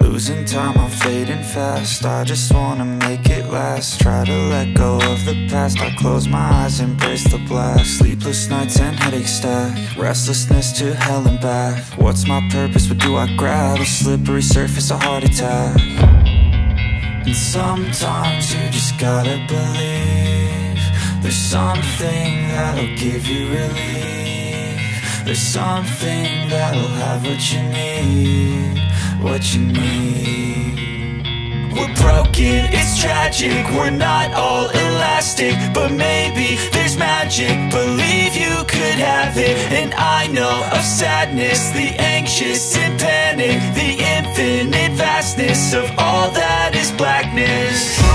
Losing time, I'm fading fast I just wanna make it last Try to let go of the past I close my eyes, embrace the blast Sleepless nights and headache stack Restlessness to hell and back What's my purpose, what do I grab? A slippery surface, a heart attack And sometimes you just gotta believe there's something that'll give you relief There's something that'll have what you need What you need We're broken, it's tragic We're not all elastic But maybe there's magic Believe you could have it And I know of sadness The anxious and panic The infinite vastness Of all that is blackness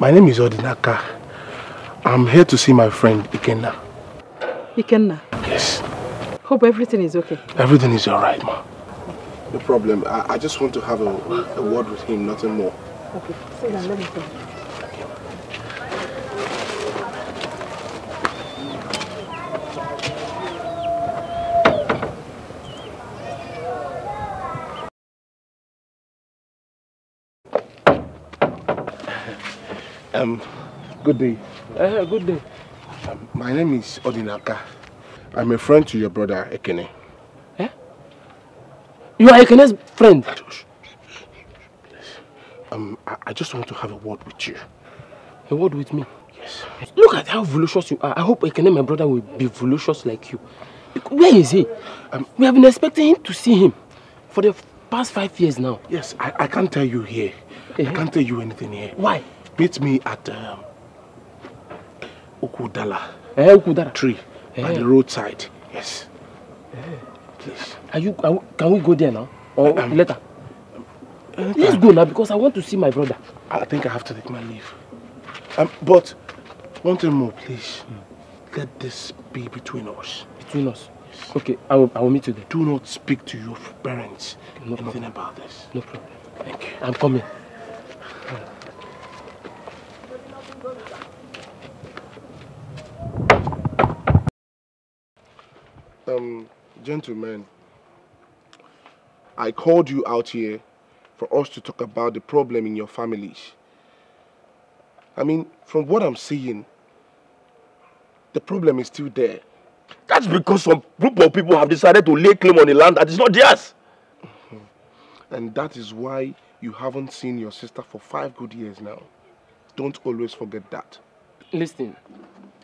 My name is Odinaka. I'm here to see my friend Ikenna. Ikenna? Yes. Hope everything is okay. Everything is alright, ma. No problem. I, I, just want to have a, a word with him, nothing more. Okay. Sit down, let me talk. Um, good day. Uh, good day. Um, my name is Odinaka. I'm a friend to your brother, Ekene. Eh? You are Ekene's friend? Um, I, I, just want to have a word with you. A word with me? Yes. Look at how voluptuous you are. I hope Ekene, my brother, will be voluptuous like you. Where is he? Um, we have been expecting him to see him for the past five years now. Yes, I, I can't tell you here. Uh -huh. I eh? can't tell you anything here. Why? Meet me at um, Ukudala. Eh, Tree. Eh. By the roadside. Yes. Eh. Please. Are you? Are, can we go there now or um, later? Let's go now because I want to see my brother. I think I have to take my leave. Um, but one thing more, please. Mm. Let this be between us. Between us. Yes. Okay, I will. I will meet you there. Do not speak to your parents. Okay, no anything problem. about this. No problem. Thank you. I'm coming. Gentlemen, I called you out here for us to talk about the problem in your families. I mean, from what I'm seeing, the problem is still there. That's because some group of people have decided to lay claim on the land that is not theirs. Mm-hmm. And that is why you haven't seen your sister for five good years now. Don't always forget that. Listen,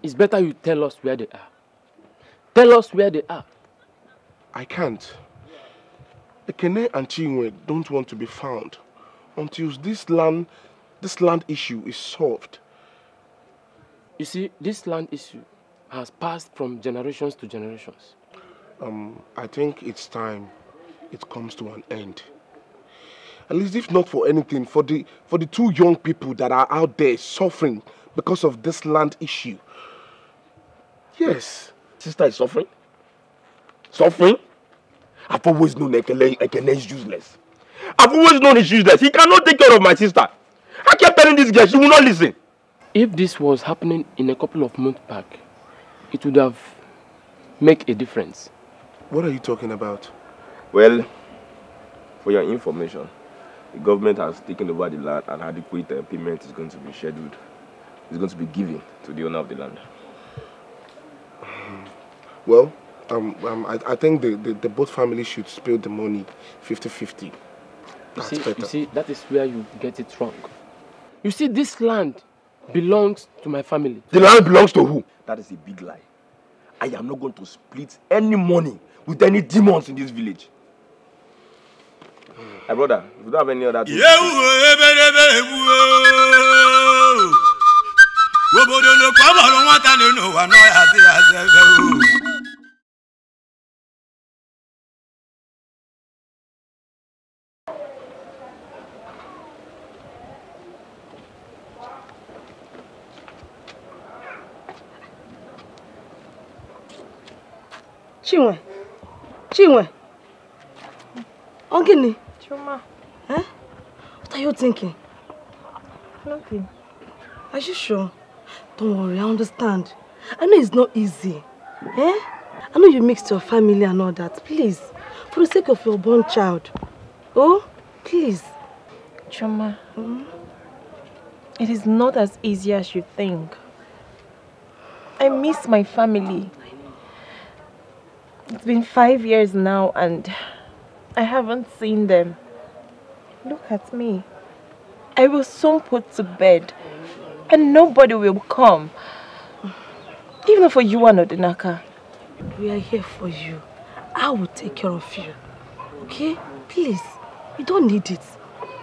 it's better you tell us where they are. Tell us where they are I can't. Ekene and Chinwe don't want to be found until this land, this land issue is solved. You see, this land issue has passed from generations to generations. Um, I think it's time it comes to an end. At least if not for anything, for the, for the two young people that are out there suffering because of this land issue. Yes. Sister is suffering? Suffering? I've always known Ekene, is useless. I've always known he's useless. He cannot take care of my sister. I kept telling this girl, she will not listen. If this was happening in a couple of months back, it would have make a difference. What are you talking about? Well, for your information, the government has taken over the land and adequate uh, payment is going to be scheduled. It's going to be given to the owner of the land. Well, um, um, I, I, think the, the, the, both families should split the money 50-50. That's you see, better. You see, that is where you get it wrong. You see, this land belongs to my family. The land belongs to who? That is a big lie. I am not going to split any money with any demons in this village. My hey, brother, if you don't have any other Chinwe. Chinwe. Ongini. Chuma. Eh? What are you thinking? Nothing. Are you sure? Don't worry, I understand. I know it's not easy. Eh? I know you mixed your family and all that. Please, for the sake of your born child. Oh, please. Chuma, hmm? it is not as easy as you think. I miss my family it's been five years now and I haven't seen them. Look at me. I will soon put to bed and nobody will come. Even for you and We are here for you. I will take care of you. Okay? Please, you don't need it.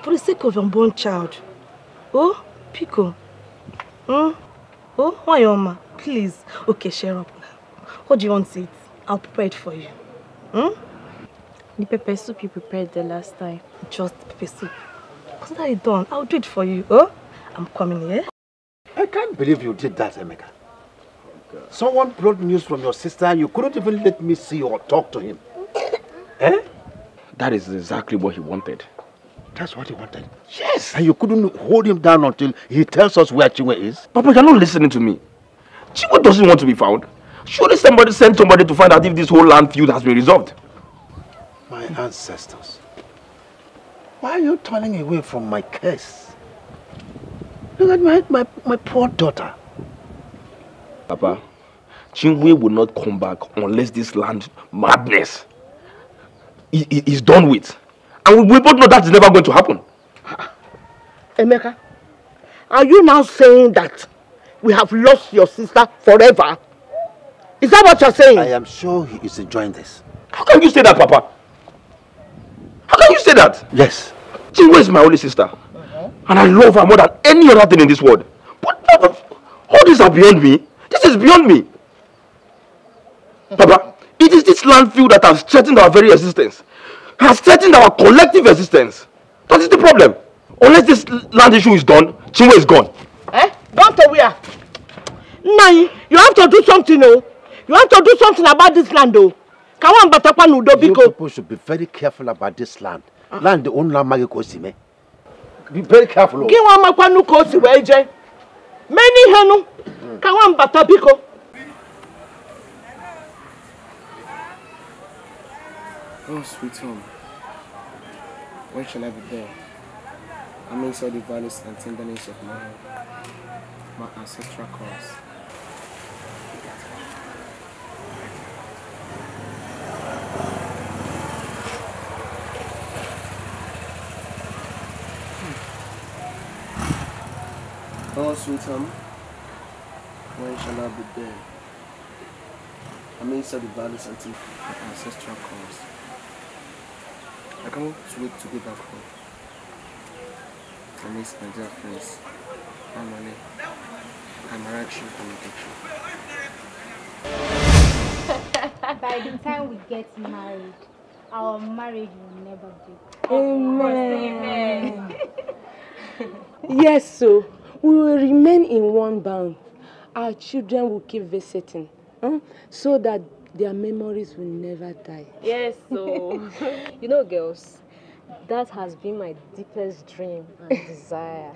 For the sake of your unborn child. Oh, Pico. Hmm? Oh, Wayoma, please. Okay, share up now. What do you want to eat? I'll prepare it for you. Hmm? The pepper soup you prepared the last time. Just pepper soup. Consider it done. I'll do it for you. Oh, I'm coming here. Yeah? I can't believe you did that, Emeka. Someone brought news from your sister. You couldn't even let me see or talk to him. eh? That is exactly what he wanted. That's what he wanted. Yes. And you couldn't hold him down until he tells us where Chihuahua is. Papa, you're not listening to me. Chihuahua doesn't want to be found. Surely somebody sent somebody to find out if this whole land feud has been resolved. My ancestors, why are you turning away from my curse? Look at my, my, my poor daughter. Papa, Chingwe will not come back unless this land madness is, is done with. And we both know that is never going to happen. Emeka, are you now saying that we have lost your sister forever? Is that what you're saying? I am sure he is enjoying this. How can you say that, Papa? How can you say that? Yes. Chinwe is my only sister. Mm -hmm. And I love her more than any other thing in this world. But, Papa, all these are beyond me. This is beyond me. Papa, it is this landfill that has threatened our very existence. Has threatened our collective existence. That is the problem. Unless this land issue is done, Chinwe is gone. Eh? Gone to where? Nai, you have to do something, no? Oh. You want to do something about this land, though? Kawan batakwa nudo biko. You people should be very careful about this land. Uh -huh. Land own land magi me. Be very careful. Ki wa makwa nu kosi weje. Many henu. Can Kawan batabiko. Oh, sweet home. When shall I be there? I'm inside the values and tenderness of my, my ancestral cause. Oh sweet home, when shall I be there? Amidst of the valleys and the my ancestral calls. I can't wait to go back home. I miss my dear friends, family, and my rightful communication. By the time we get married, our marriage will never be. Amen. Amen. yes, so we will remain in one bond. Our children will keep visiting huh? so that their memories will never die. Yes, so you know, girls, that has been my deepest dream and desire.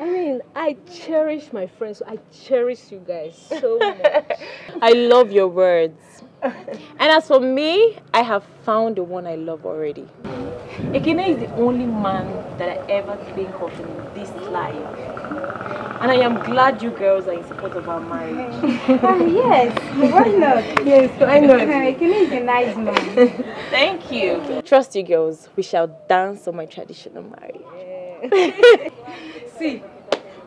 I mean, I cherish my friends. I cherish you guys so much. I love your words. And as for me, I have found the one I love already. Ekene is the only man that I ever think of in this life and I am glad you girls are in support of our marriage. uh, yes, why not? Yes, why not? Can you is a nice man. Thank you. Trust you girls, we shall dance on my traditional marriage. Yeah. see,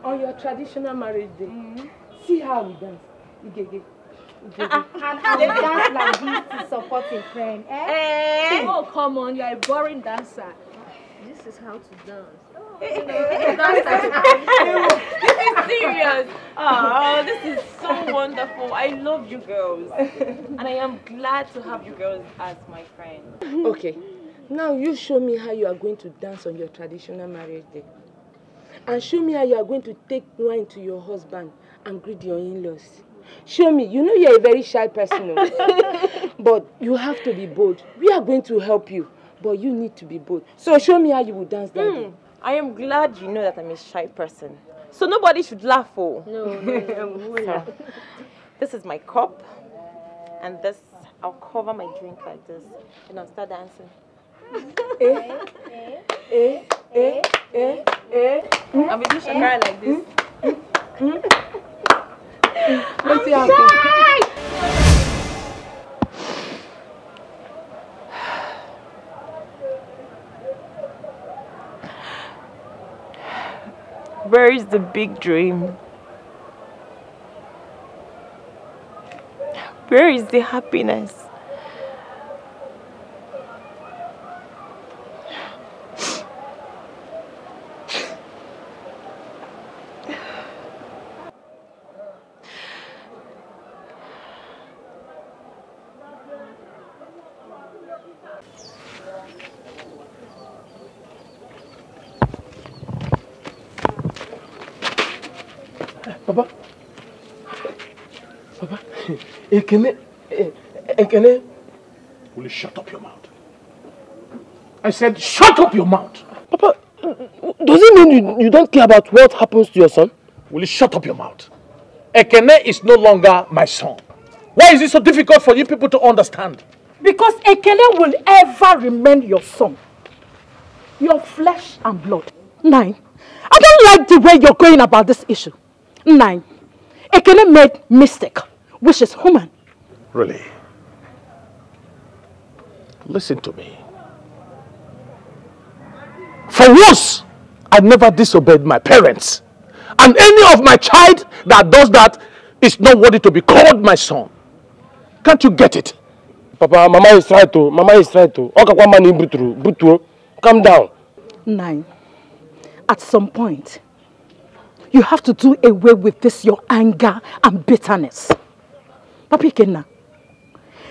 on your traditional marriage day, mm. see how we dance. it. Ah, ah. and, I dance like this to support a friend. Eh? Eh. Oh, come on, you're a boring dancer. This is how to dance this is serious. Oh, this is so wonderful. I love you girls. And I am glad to have you girls as my friends. Okay. Now you show me how you are going to dance on your traditional marriage day. And show me how you are going to take wine to your husband and greet your in-laws. Show me. You know you're a very shy person. Oh. but you have to be bold. We are going to help you. But you need to be bold. So show me how you will dance that mm. day. I am glad you know that I'm a shy person. So nobody should laugh, oh. No, no, no. this is my cup, and this, I'll cover my drink like this, and I'll start dancing. eh, eh, eh, eh, eh. I'll be doing shakara like this. I'm shy! Where is the big dream? Where is the happiness? papa, Baba. Ekene. Eh, Ekene. Eh, eh, will you shut up your mouth? I said, shut up your mouth. Papa, does it mean you, you don't care about what happens to your son? Will you shut up your mouth? Ekene is no longer my son. Why is it so difficult for you people to understand? Because Ekene will ever remain your son. Your flesh and blood. Nine. I don't like the way you're going about this issue. Nine. Ekene made mistake, which is human. Really? Listen to me. For once, I never disobeyed my parents. And any of my child that does that is not worthy to be called my son. Can't you get it? Papa, Mama is right to. Mama is right to. Okakwa mani butu. Butu. Calm down. Nine. At some point, you have to do away with this, your anger and bitterness. Papi Kenna,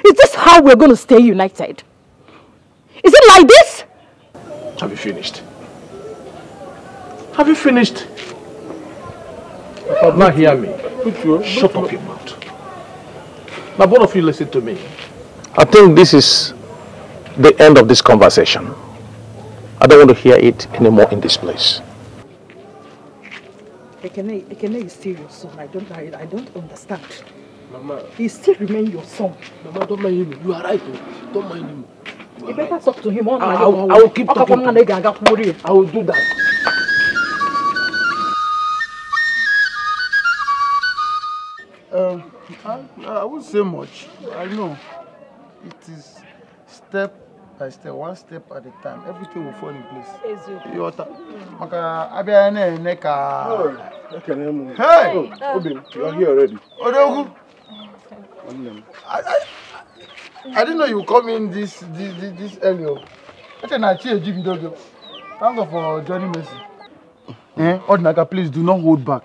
is this how we're going to stay united? Is it like this? Have you finished? Have you finished? Papa, hear me. Shut up your mouth. Now, both of you listen to me. I think this is the end of this conversation. I don't want to hear it anymore in this place. Ekene, Ekene is still your son. I don't, I, I don't understand. Mama. He still remains your son. Mama, don't mind him. You are right. Oh. Don't mind him. You, you better right. talk to him. Ah, I, I, I, will, I will keep talking. I will do that. Um, I, I won't say much. I know it is step by step, one step at a time. Everything will fall in place. Your time. Maka abia ne ne ka. Can I Hey! Oh, Obi, uh, you are here already. Odogu! I, I, I didn't know you come in this this this, this early. Oh. I Thank you for joining Mercy. Eh? Odinaga, please do not hold back.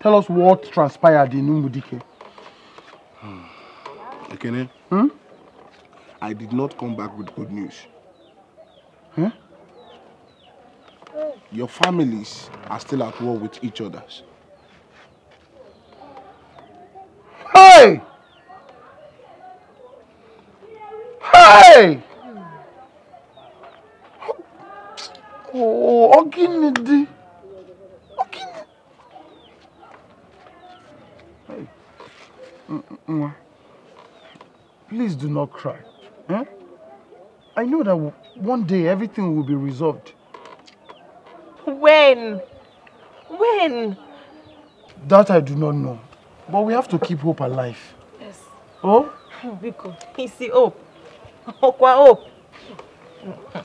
Tell us what transpired in Umudike. Okay, hmm. Ekene, hmm? I did not come back with good news. Huh? Eh? Your families are still at war with each other. Hey! Hey! Oh, Oginidi. Oginidi. Hey. Mm-mm. Please do not cry. Eh? I know that one day everything will be resolved. When? When? That I do not know. But we have to keep hope alive. Yes. Oh? Biko, PC hope. Okwa hope.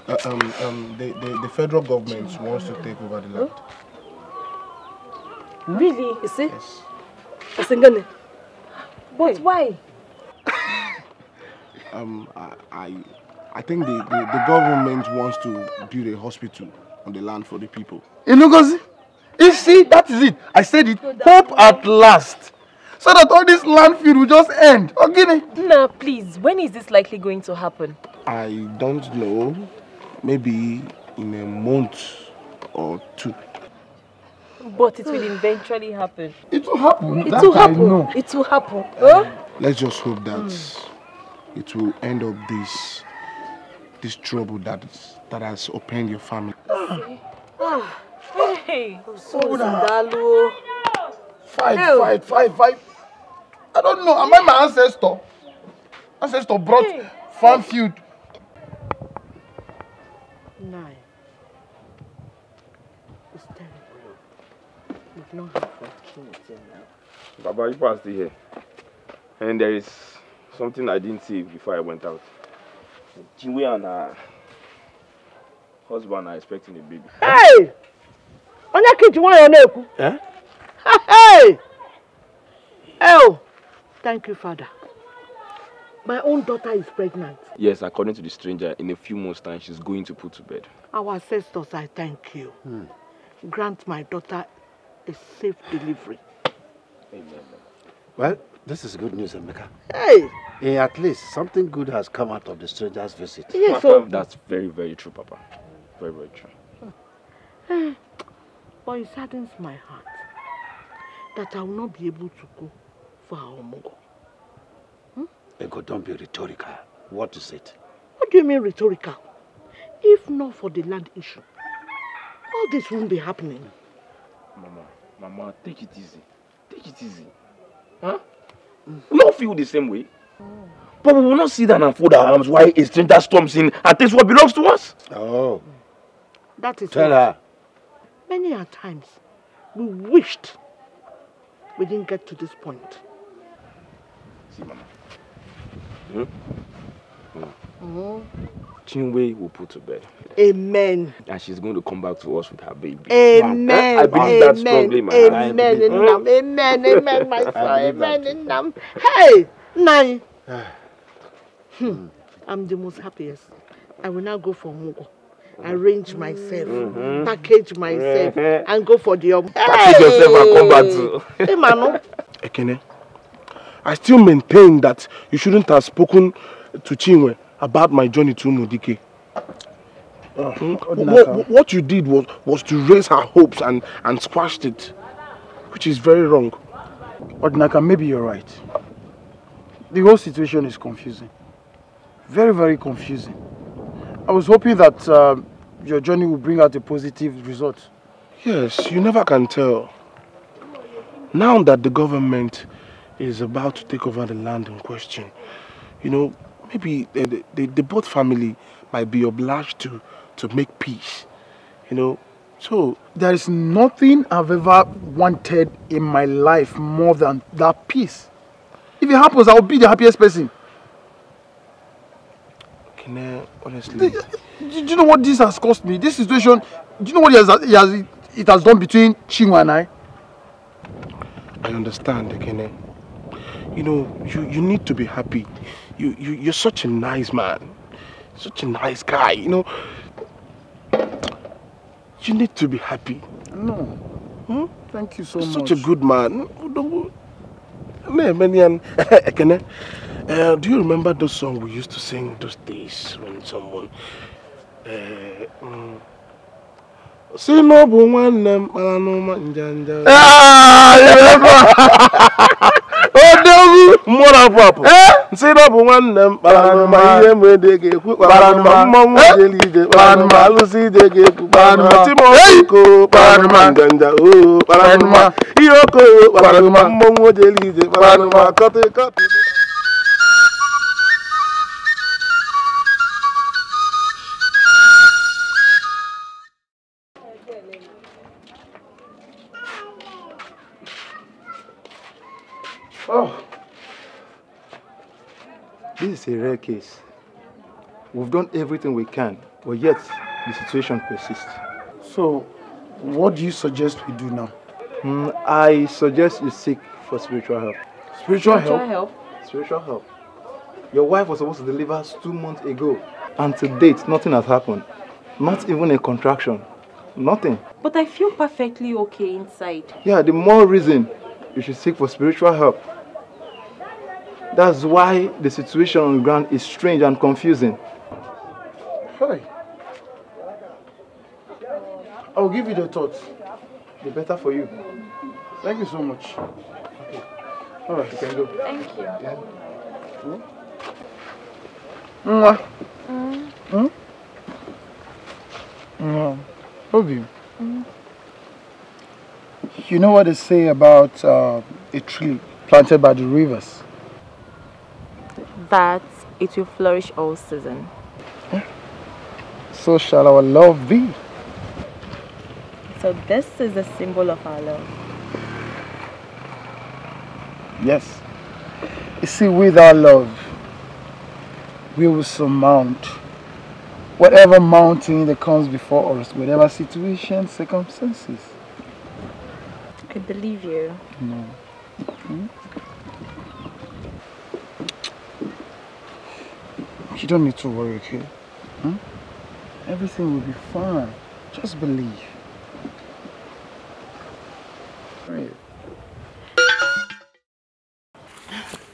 Uh, um, um, the, the, the federal government wants to take over the land. Really? You see? Yes. But why? um, I, I, I think the, the, the government wants to build a hospital on the land for the people. Inugozi, you see, that is it. I said it. Hope at last. So that all this land feud will just end. okay? Oh, now, please. When is this likely going to happen? I don't know. Maybe in a month or two. But it will eventually happen. It will happen. It will happen. It will happen. Huh? Let's just hope that mm. it will end up this this trouble that. that has opened your family. Ah. Ah. Hey. Dalu. Fight, hey. fight, fight, fight. I don't know. Am I my ancestor? Ancestor brought hey. farm feud. Nine. It's terrible. We've not heard from King till now. Baba, you are still here. And there is something I didn't see before I went out. Jiwe and uh, husband are expecting a baby. Hey! kid you want your na-ekwu. Eh? Hey! Oh, thank you, Father. My own daughter is pregnant. Yes, according to the stranger, in a few months' time, she's going to put to bed. Our ancestors, I thank you. Hmm. Grant my daughter a safe delivery. Amen. Well, this is good news, Emeka. Hey! Hey, eh, at least something good has come out of the stranger's visit. Yes, so... Oh. That's very, very true, Papa very, very true. but it saddens my heart that I will not be able to go for our Omogo. Hmm? Ego, don't be rhetorical. What is it? What do you mean rhetorical? If not for the land issue, all this won't be happening. Mama, Mama, take it easy. Take it easy. Huh? Mm. We all feel the same way. But we will not sit down and fold our arms while a stranger storms in and takes what belongs to us. Oh. That is Tell her. Many a times we wished we didn't get to this point. See, Mama. Hmm? Mama. Mm. Chinwe will put to bed. Amen. And she's going to come back to us with her baby. Amen. I believe eh? that strongly, man. Amen. Amen. Amen. Amen. Amen, my son. Amen. Amen. Hey, Nai. Ah. hmm. I'm the most happiest. I will now go for Mugo arrange myself, mm-hmm. package myself, mm-hmm. and go for the. Um, package hey! yourself and come back to. hey, Manu. Ekene, I still maintain that you shouldn't have spoken to Chinwe about my journey to Modike. Uh, mm-hmm. what, what you did was, was to raise her hopes and, and squashed it, which is very wrong. Odinaka, maybe you're right. The whole situation is confusing. Very, very confusing. I was hoping that uh, your journey will bring out a positive result. Yes, you never can tell. Now that the government is about to take over the land in question, you know, maybe the, the, the both family might be obliged to, to make peace, you know. So, there is nothing I've ever wanted in my life more than that peace. If it happens, I'll be the happiest person honestly. do, you know what this has cost me? This situation, do you know what it has, it has, it has done between Chinwa and I? I understand, Kene. You know, you, you need to be happy. You, you, you're such a nice man. Such a nice guy, you know. You need to be happy. No. Hmm? Thank you so You're much. Such a good man. Uh, do you remember those song we used to sing those days when someone... Uh, um, si n'ọbụ nwanne m kpara n'ụma njanja ah, odogwu apụ apụ eh? si nwanne m kpara n'ụma ihe m ede ekwu kpara n'ụma mmanwụ eh? jeli ije kpara n'ụma alụsị ije ga-ekwu kpara n'ụma timoko kpara oo ihe okoyo kpara n'ụma mmanwụ jeli ije Oh. This is a rare case. We've done everything we can, but yet the situation persists. So, what do you suggest we do now? Mm, I suggest you seek for spiritual help. Spiritual, spiritual help? help? Spiritual help. Your wife was supposed to deliver us two months ago, and to date, nothing has happened. Not even a contraction. Nothing. But I feel perfectly okay inside. Yeah, the more reason you should seek for spiritual help. That's why the situation on the ground is strange and confusing. Hi. I'll give you the thoughts. The better for you. Thank you so much. Okay. All right, you can go. Thank you. Yeah. Hmm? Mwah. Mm. Hmm? Mwah. Obi. Mm. You know what they say about uh, a tree planted by the rivers? That it will flourish all season. So shall our love be. So this is a symbol of our love. Yes. You see, with our love, we will surmount whatever mountain that comes before us, whatever situation, circumstances. I believe you. No. Mm -hmm. You don't need to worry, okay? Hmm? Everything will be fine. Just believe.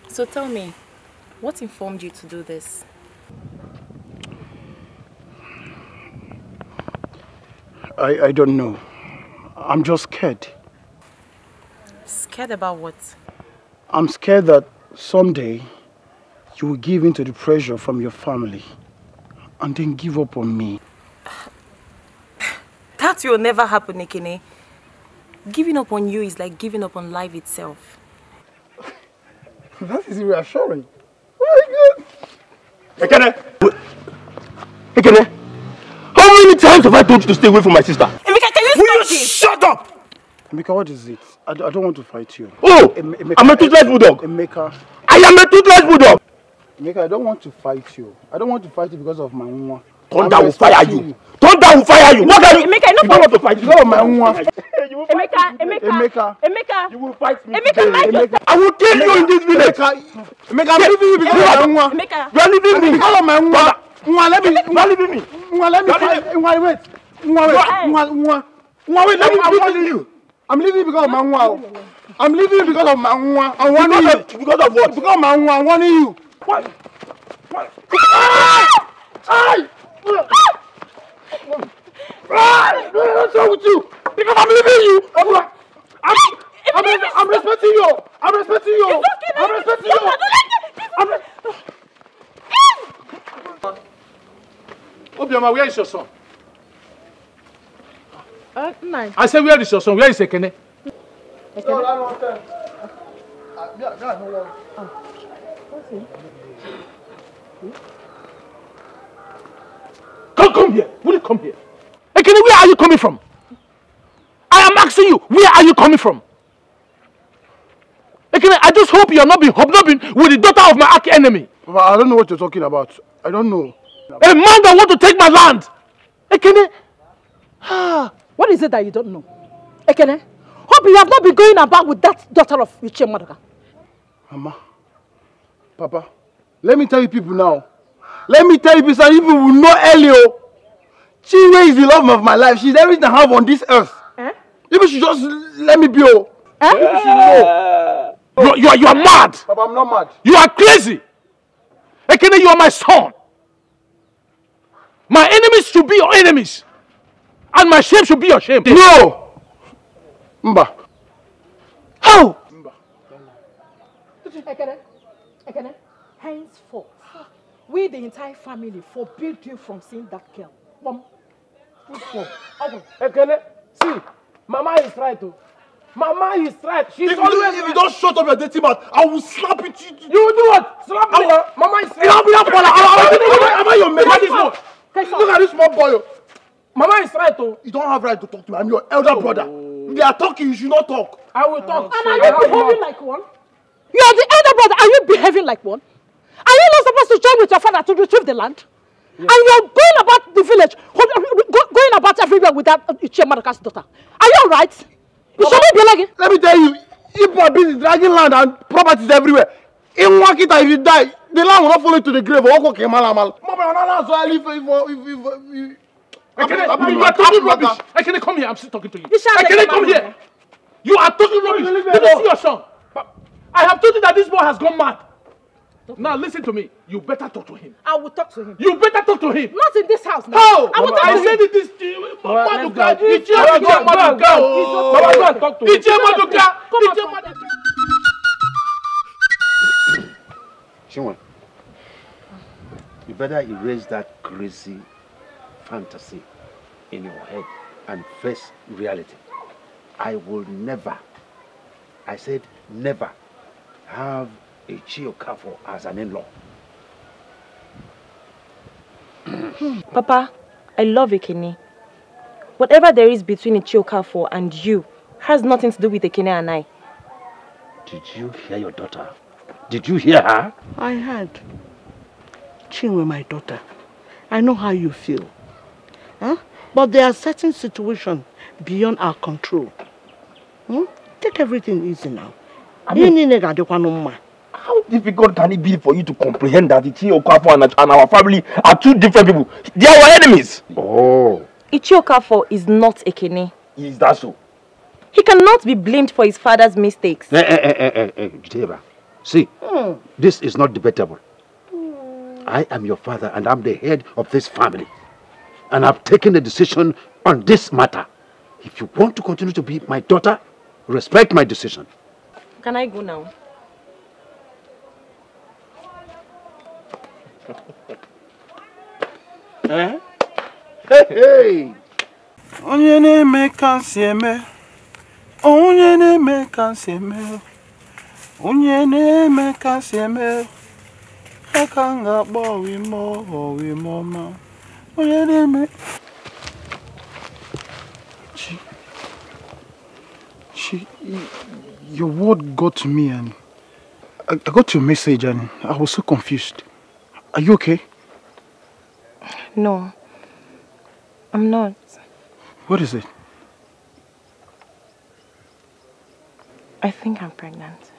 So tell me, what informed you to do this? I, I don't know. I'm just scared. Scared about what? I'm scared that someday you will give in to the pressure from your family and then give up on me. That will never happen, Ekene. Giving up on you is like giving up on life itself. that is reassuring. Oh my God! Ekene! Ekene! How many times have I told you to stay away from my sister? Emeka, can you Will you this? shut up? Emeka, what is it? I, I don't want to fight you. Oh! Emeka, I'm a toothless bulldog! Emeka... I am a toothless bulldog! Emeka, I don't want to fight you. I don't want to fight you because of my woman. Thunder will fire you. Thunder will fire you. What are you? Emeka, you don't want to fight you. Because of my woman. Emeka, Emeka, Emeka, Emeka, you will fight me. Emeka, Emeka, I will kill Emeka, you in this village. Emeka, Emeka, I'm leaving you because of my woman. Emeka, you are leaving me. Because of my woman. Nwa, let me. You are leaving me. Nwa, let me. Nwa, wait. Nwa, wait. Nwa, Nwa. Nwa, wait. Let me. I'm warning you. I'm leaving because of my woman. I'm leaving because of my woman. I'm warning you. Because of what? Because of my woman. I'm warning you. What's wrong with you? Because I'm leaving you. I'm, I'm, I'm, res I'm respecting you. I'm respecting you. Okay, I'm respecting you. I'm re Obioma, where is your son? Uh, nine. I said, where is your son? Where is Ekene? Ekene? No, I don't want that. I, yeah, yeah, no one. Oh. Come, come here. Will you come here? Ekene, where are you coming from? I am asking you, where are you coming from? Ekene, I just hope you are not being hobnobbing with the daughter of my arch enemy. Papa, I don't know what you're talking about. I don't know. A man that want to take my land. Ekene, ah, what is it that you don't know? Ekene, hope you have not been going about with that daughter of Uche Madoka. Mama. Papa, let me tell you people now. Let me tell you people, some people will know Elio. Oh. Chinwe is the love of my life. She's everything I have on this earth. Eh? People just let me be. Oh. Eh? know. You, you, are, you are mad. Papa, I'm not mad. You are crazy. Ekene, you are my son. My enemies should be your enemies. And my shame should be your shame. No! Mba. How? Mba. Ekene. Ekene, henceforth, we the entire family forbid you from seeing that girl. Mom, football. Okay. Ekene, see, Mama is right though. Mama is right. She's if always you, right. If you don't shut up your dirty mouth, I will slap it. You, you will do what? Slap I me. Mama is right. Slap me up, Paula. I'm I your mate? This one. Look at this small boy. Oh. Mama is right though. You don't have right to talk to me. I'm your elder oh. brother. They are talking. You should not talk. I will talk. And are you behaving like one? You are the elder brother. Are you behaving like one? Are you not supposed to join with your father to retrieve the land? Yes. And you're going about the village, uh, going about everywhere with that uh, Ichie Madoka's daughter. Are you alright? You shouldn't be like Let me tell you, if people are busy dragging land and properties everywhere. In Wakita, if you die, the land will not fall into the grave. Oko kemalamal. Mama, Nana, so I I can't. I mean, come here. I'm still talking to you. I can't come here. You are talking rubbish. Did you see your son? I have told you that this boy has gone mad. Now listen to me. You better talk to him. I will talk to him. You better talk to him. Not in this house now. How? I will Mama, talk I to him. I said it is Maduka. Ije Maduka. Maduka. Baba, go and talk to him. Ije Maduka. Ije Maduka. you better erase that crazy fantasy in your head and face reality. I will never, I said never have a Chiokafo as an in-law. Hmm. Papa, I love Ekene. Whatever there is between Ichiokafo and you has nothing to do with Ekene and I. Did you hear your daughter? Did you hear her? I heard. Chinwe, my daughter, I know how you feel. Huh? But there are certain situations beyond our control. Hmm? Take everything easy now. How difficult can it be for you to comprehend that Ichi Okafor and, our family are two different people? They are our enemies. Oh. Ichi Okafor is not Ekene. Is that so? He cannot be blamed for his father's mistakes. Eh, eh, eh, eh, eh, See, mm. this is not debatable. Mm. I am your father and I'm the head of this family. And I've taken a decision on this matter. If you want to continue to be my daughter, respect my decision. Canaigu, não. Hein? Hey, hey! Onye na-eme ka nsị eme Onye na-eme ka nsị eme Onye na-eme ka nsị eme Aka m ga-akpọ owime owime ọma Onye Chi Chi your word got to me and I, I got your message and I was so confused. Are you okay? No, I'm not. What is it? I think I'm pregnant.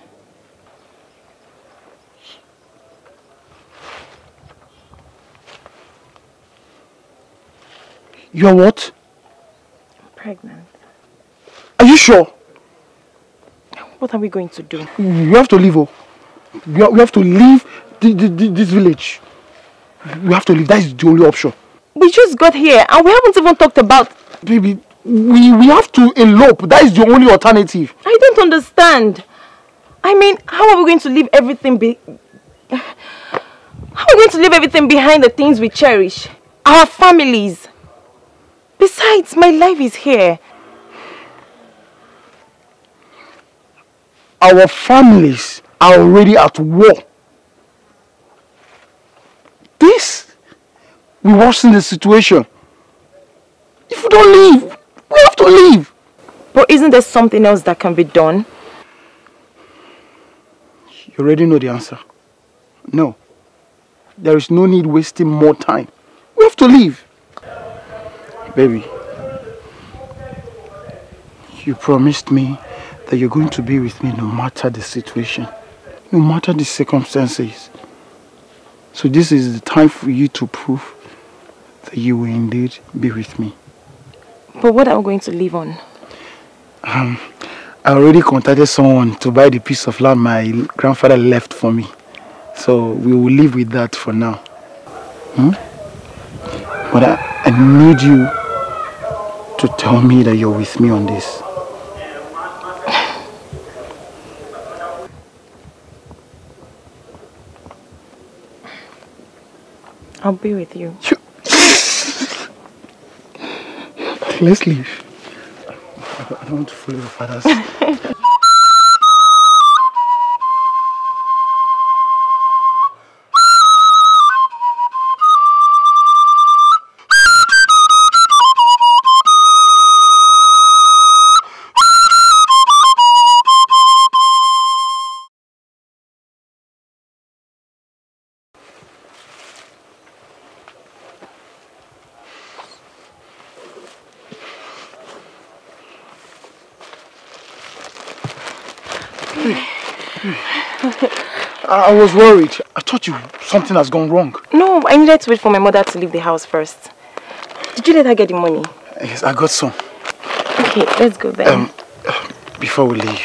You're what? I'm pregnant. Are you sure? What are we going to do? We have to leave. Oh. We, we have to leave the, the, the, this village. We have to leave. That is the only option. We just got here and we haven't even talked about... Baby, we, we have to elope. That is the only alternative. I don't understand. I mean, how are we going to leave everything be... How are we going to leave everything behind the things we cherish? Our families. Besides, my life is here. our families are already at war. This will worsen the situation. If we don't leave, we have to leave. But isn't there something else that can be done? You already know the answer. No. There is no need wasting more time. We have to leave. Baby, you promised me that you're going to be with me no matter the situation, no matter the circumstances. So this is the time for you to prove that you will indeed be with me. But what are we going to live on? Um, I already contacted someone to buy the piece of land my grandfather left for me. So we will live with that for now. Hmm? But I, I need you to tell me that you're with me on this. I'll be with you. you... Let's leave. I don't, I don't follow your father's. I, I was worried. I thought you something has gone wrong. No, I needed to wait for my mother to leave the house first. Did you let her get the money? Yes, I got some. Okay, let's go then. Um, before we leave,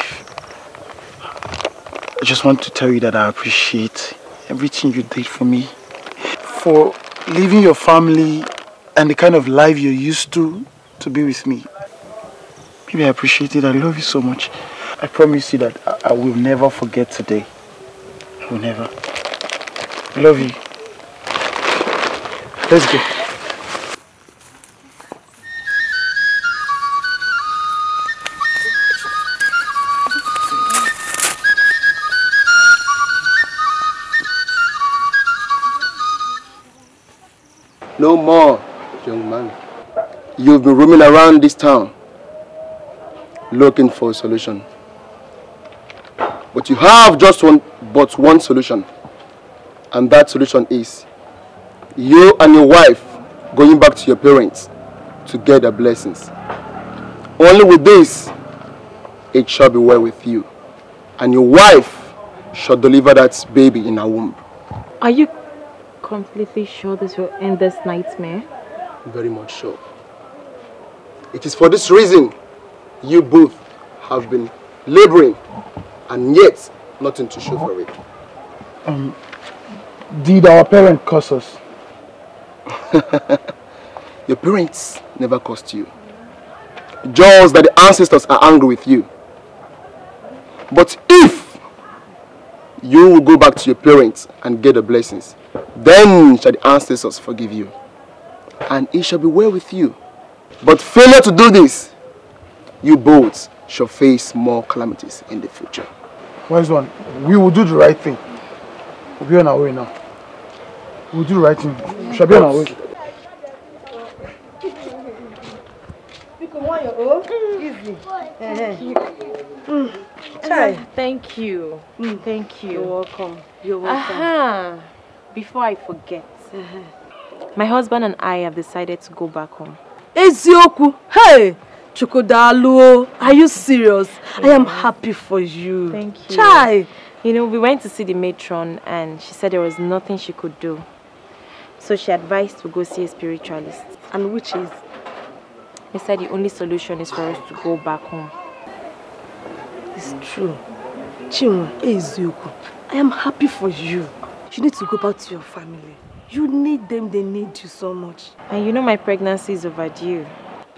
I just want to tell you that I appreciate everything you did for me. For leaving your family and the kind of life you're used to to be with me. Maybe I appreciate it. I love you so much. I promise you that I, I will never forget today will never. love you. Let's go. No more, young man. You've been roaming around this town looking for a solution. But you have just one but one solution. And that solution is you and your wife going back to your parents to get their blessings. Only with this, it shall be well with you. And your wife shall deliver that baby in her womb. Are you completely sure this will end this nightmare? Very much so. It is for this reason you both have been laboring and yet nothing to show for it. Um, did our parents curse us? Your parents never cursed you. Just that the ancestors are angry with you. But if you will go back to your parents and get the blessings, then shall the ancestors forgive you. And it shall be well with you. But failure to do this, you both shall face more calamities in the future. Where's one? We will do the right thing. We'll be on our way now. We'll do the right thing. We shall be on our way. Easy. Thank you. Mm. Thank you. Thank you. You're welcome. You're welcome. Aha. Before I forget, uh -huh. my husband and I have decided to go back home. Ezioku! Hey! Chukodalu, oh, are you serious? Yeah. I am happy for you. Thank you. Chai! You know, we went to see the matron and she said there was nothing she could do. So she advised to go see a spiritualist. And which is? He said the only solution is for us to go back home. It's true. it is you. I am happy for you. You need to go back to your family. You need them, they need you so much. And you know my pregnancy is overdue.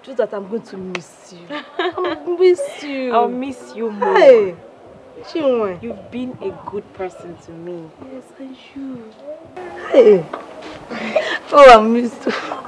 Just that I'm going to miss you. I'll miss you. I'll miss you more. Hey, Chinwe. You've been a good person to me. Yes, and you. Hey. Oh, I missed you.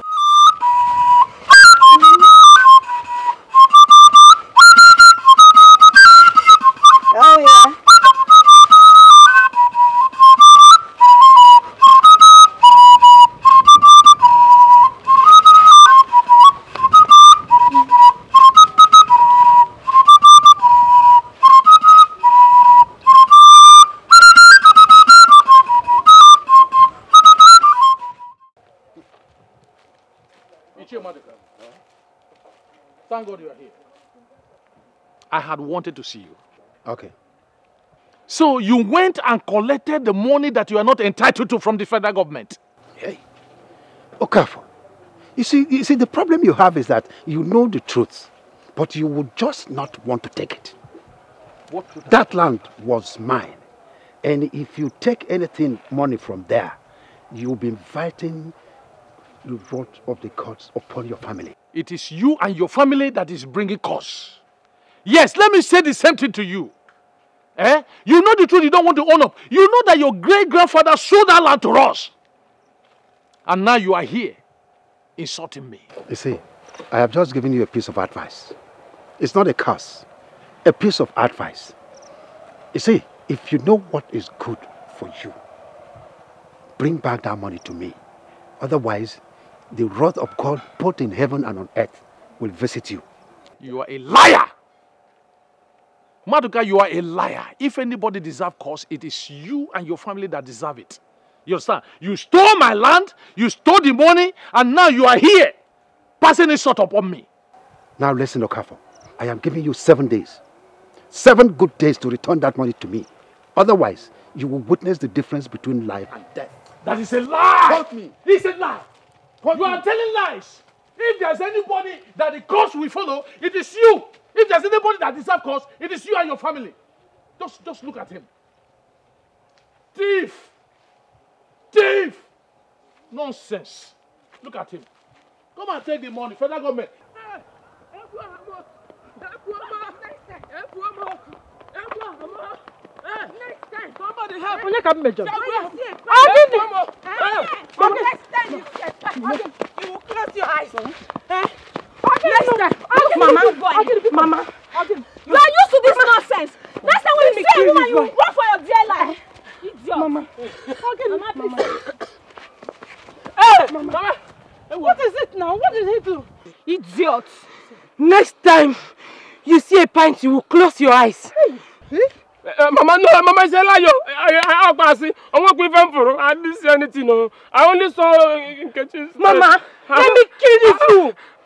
had wanted to see you. Okay. So you went and collected the money that you are not entitled to from the federal government. Hey, Okay. you see, you see, the problem you have is that you know the truth, but you would just not want to take it. What that land was mine. And if you take anything, money from there, you'll be inviting the wrath of the courts upon your family. It is you and your family that is bringing cause. Yes, let me say the same thing to you. Eh? You know the truth, you don't want to own up. You know that your great grandfather sold that land to us. And now you are here insulting me. You see, I have just given you a piece of advice. It's not a curse, a piece of advice. You see, if you know what is good for you, bring back that money to me. Otherwise, the wrath of God, both in heaven and on earth, will visit you. You are a liar! Maduka, you are a liar. If anybody deserves cause, it is you and your family that deserve it. You understand? You stole my land, you stole the money, and now you are here passing insult upon me. Now listen, Okafo. I am giving you seven days. Seven good days to return that money to me. Otherwise, you will witness the difference between life and death. That is a lie! Help me! It's a lie! you me. are telling lies! If there's anybody that the cause will follow, it is you! If there's anybody that deserves cause, it is you and your family. Just, just look at him. Thief! Thief! Nonsense. Look at him. Come and take the money, federal government. Somebody help. Onye ka m mejọ. I did it. Next time you get back, you will close your eyes. Eh? Yes, sir. Look, Mama. Mama. You are used to this Mama. nonsense. Next time when you see a woman, you run for your dear life. Idiot. Mama. Okay, Mama, please. Hey, Mama. Mama. What is it now? What did he do? Idiot. Next time you see a pint, you will close your eyes. Hey. Uh, mama no eh, mama is a yo. i pass i won't give them for i didn't see anything no i only saw uh, mama let me kill you too ah,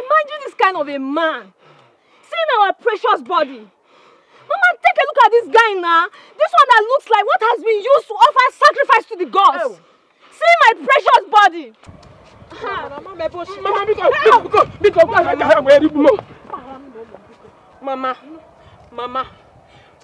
Imagine this kind of a man seeing our precious body. Mama, take a look at this guy now. This one that looks like what has been used to offer sacrifice to the gods. Oh. See my precious body. Mama, because, Mama, Mama,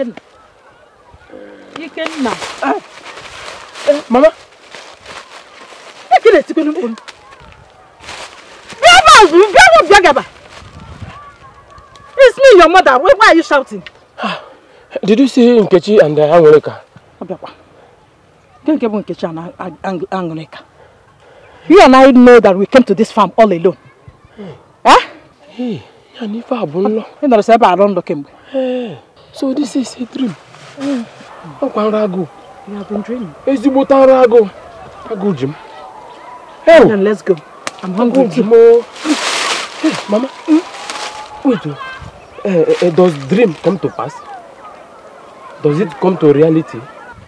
Ikenna. Ikenna. Mama. Ekele etikọnụ mkpụrụ. Bịa bọọzụ, bịa bụ bịa gaba. It's me, your mother. Why are you shouting? Did you see Nkechi and Anwụrịka? Ọ bịakwa. Nke Nkechi and uh, Anwụrịka. You and I know that we came to this farm all alone. Hmm. Eh? Hey, ya n'ife abụ nlọ. Ị nọrọ sị ebe arụ ndụ So this is a dream. Hmm. Ọkwa nra agụ. You have been dreaming. Ezigbo the nra agụ. Agụ Jim. m. Hey! And let's go. I'm hungry too. Hey, mama. Hmm? Wait. Uh, uh, does dream come to pass? Does it come to reality?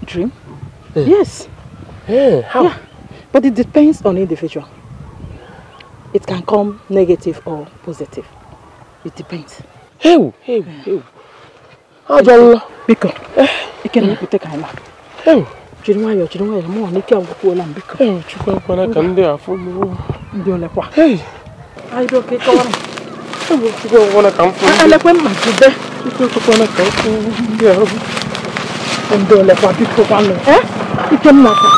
Dream? Hmm. Yes. Yeah, how? Yeah. But it depends on individual. It can come negative or positive. It depends. Hey, oh. hey, oh. hey. ajọlọ biko ikene mepụta ka anyị na jiri nwayọọ jiri nwayọọ mụọ na ike agwụkwuola m biko chukwu ekwela ka ndị afọ gbuo ndị olekwa aịdoke kọwara chukwu ekwela ka m fụrụ elekwe mma jide chukwu ekwela ka m fụrụ ndị ahụ ndị olekwa biko kwanụ ike m nakwa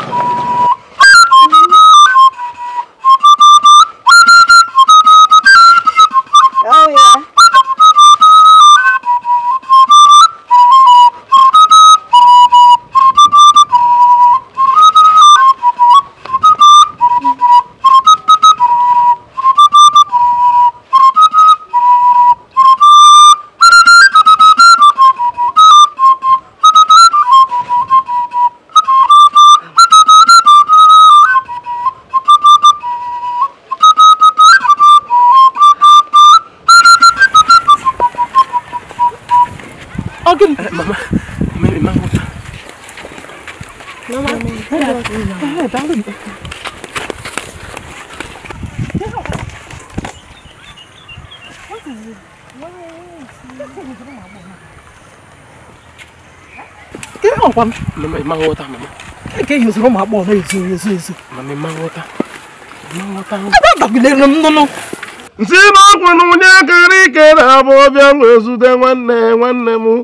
Maman, mets les mains contre. Maman, elle parle. Cái hỏng quăng Mày mang ngô ta mày Cái gì rồi mà bỏ này gì gì gì Mày mang ngô ta Mang ngô ta Đọc lên lắm luôn luôn Nsi ma kwanu nya kari kera abo bia nwe zute nwanne nwanne mu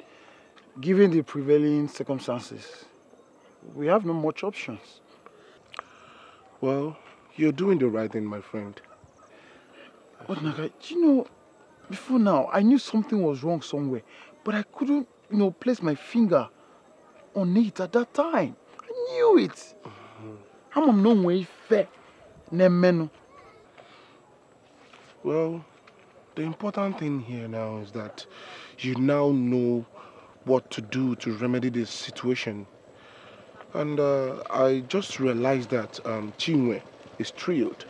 given the prevailing circumstances, we have no much options. Well, you're doing the right thing, my friend. But Naga, do you know, before now, I knew something was wrong somewhere, but I couldn't, you know, place my finger on it at that time. I knew it. I'm mm no way fair. Well, the important thing here now is that you now know what to do to remedy this situation. And uh, I just realized that um, Chinwe is thrilled.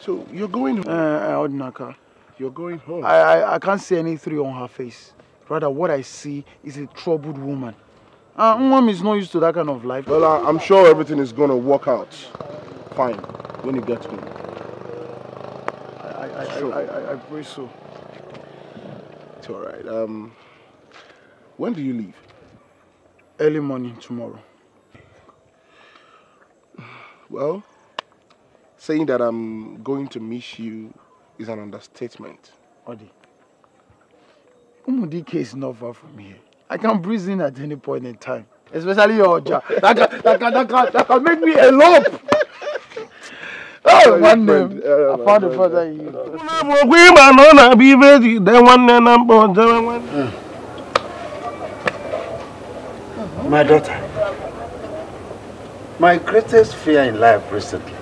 So you're going home. Uh, Odinaka. You're going home. I, I, I can't see any thrill on her face. Rather, what I see is a troubled woman. Uh, ah, Mom is not used to that kind of life. Well, I, I'm sure everything is going to work out fine when you get home. I, I, sure. I, I, I, I pray so. It's all right. Um, when do you leave? Early morning tomorrow. Well, saying that I'm going to miss you is an understatement. Odi, case is not far from here. I can breeze in at any point in time. Especially your job. that, can, that, can, that, can, that can make me elope. nwanne m afọ dị fọdụ ihe. Mgbe my daughter, my greatest fear in life recently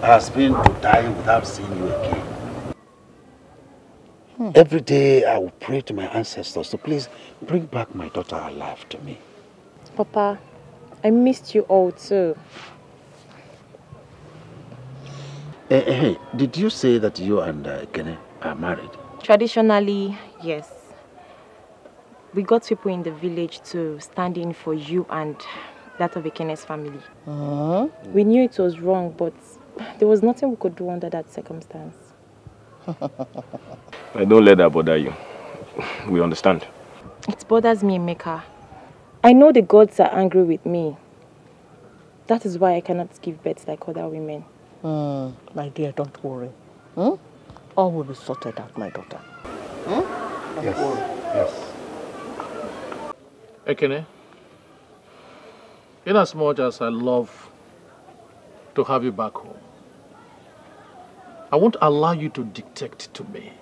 has been to die without seeing you again. Hmm. Every day I will pray to my ancestors to so please bring back my daughter alive to me. Papa, I missed you all too. Hey, eh, eh, hey, did you say that you and uh, are married? Traditionally, yes we got people in the village to stand in for you and that of Ekene's family. Uh -huh. We knew it was wrong, but there was nothing we could do under that circumstance. I don't let that bother you. We understand. It bothers me, Mecca. I know the gods are angry with me. That is why I cannot give birth like other women. Mm, my dear, don't worry. Hmm? All will be sorted out, my daughter. Hmm? Yes. Yes. Ekene, in as I love to have you back home, I won't allow you to dictate to me.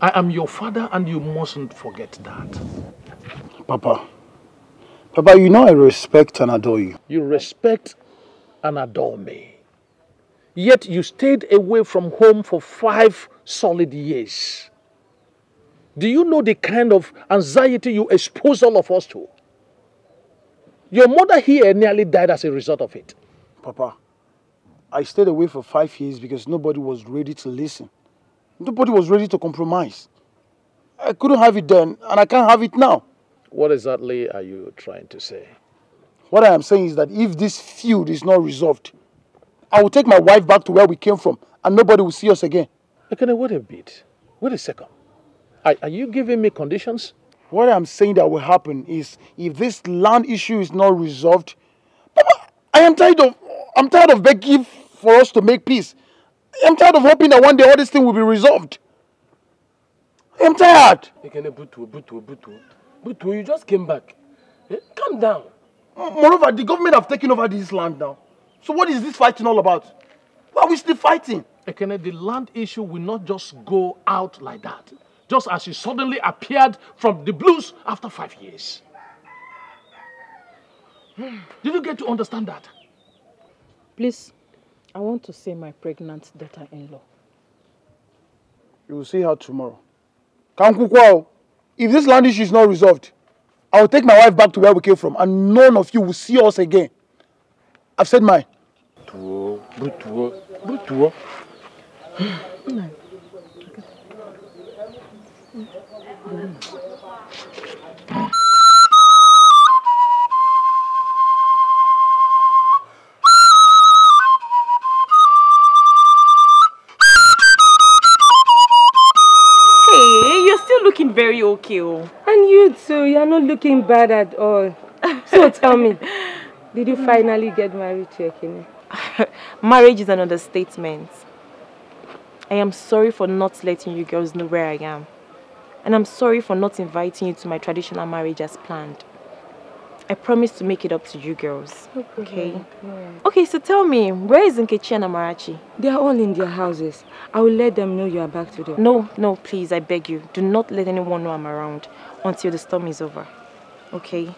I am your father and you mustn't forget that. Papa, Papa, you know I respect and adore you. You respect and adore me. Yet you stayed away from home for five solid years. Do you know the kind of anxiety you expose all of us to? Your mother here nearly died as a result of it. Papa, I stayed away for five years because nobody was ready to listen. Nobody was ready to compromise. I couldn't have it then, and I can't have it now. What exactly are you trying to say? What I am saying is that if this feud is not resolved, I will take my wife back to where we came from, and nobody will see us again. Okay, wait a bit. Wait a second. Are, are you giving me conditions? What I'm saying that will happen is if this land issue is not resolved, Papa, I am tired of I'm tired of begging for us to make peace. I'm tired of hoping that one day all this thing will be resolved. I'm tired. you just came back. Eh, calm down. Moreover, the government have taken over this land now. So what is this fighting all about? Why are we still fighting? Ekene, the land issue will not just go out like that just as he suddenly appeared from the blues after five years. Hmm. Did you get to understand that? Please, I want to see my pregnant daughter-in-law. You will see her tomorrow. Kankukwao, if this land issue is not resolved, I will take my wife back to where we came from and none of you will see us again. I've said mine. Butuo, butuo, butuo. Hmm. very okay. Oh. And you too, you're not looking bad at all. So tell me, did you finally get married to Ekene? Marriage is an understatement. I am sorry for not letting you girls know where I am and I'm sorry for not inviting you to my traditional marriage as planned. I promise to make it up to you girls. Oh, okay. Oh, okay, so tell me, where is Nkechi and Amarachi? They are all in their houses. I will let them know you are back today. No, no, please, I beg you. Do not let anyone know I'm around until the storm is over. Okay?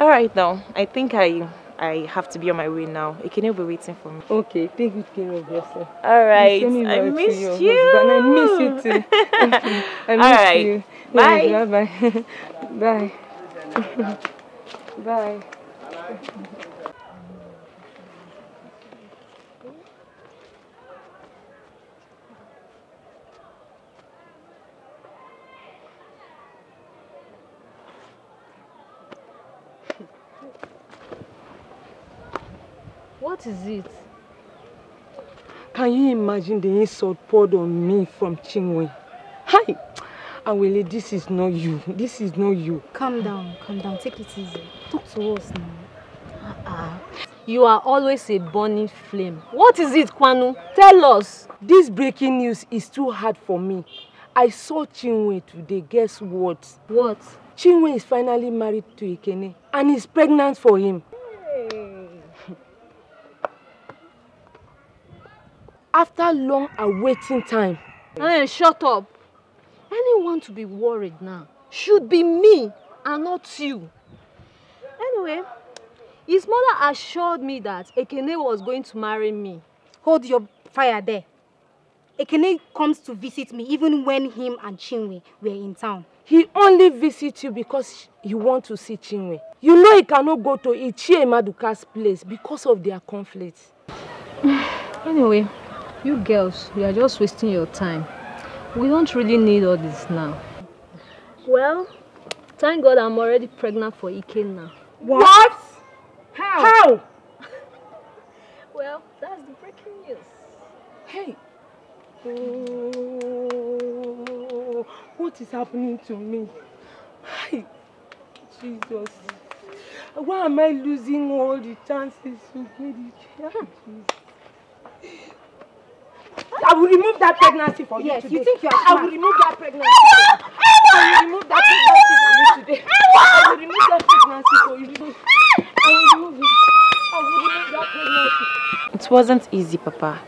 Alright now, I think I I have to be on my way now. Ekene will be waiting for me. Okay, take good care of yourself. All right. I miss you. you. Husband. I miss you too. I miss All right. you. Bye. bye. Bye. bye. bye. is it? Can you imagine the insult poured on me from Chingwe? Hi! Awele, this is not you. This is not you. Calm down, calm down. Take it easy. Talk to us now. Uh -uh. You are always a burning flame. What is it, Kwanu? Tell us. This breaking news is too hard for me. I saw Chingwe today. Guess what? What? Chingwe is finally married to Ikene and is pregnant for him. after long awaiting time. Hey, shut up. Anyone to be worried now should be me and not you. Anyway, his mother assured me that Ekene was going to marry me. Hold your fire there. Ekene comes to visit me even when him and Chinwe were in town. He only visits you because he wants to see Chinwe. You know he cannot go to Ichie Maduka's place because of their conflict. anyway, you girls, you are just wasting your time. We don't really need all this now. Well, thank God I'm already pregnant for Ike now. What? what? How? How? well, that's the breaking news. Hey. Oh, what is happening to me? Hi. Jesus. Why am I losing all the chances to get hmm. it? I will remove that pregnancy for yes, you today. Yes, you think you are smart. I will remove that pregnancy. I will remove that pregnancy for you today. I will remove that pregnancy for you today. I will remove it. I will remove that pregnancy. It wasn't easy, Papa.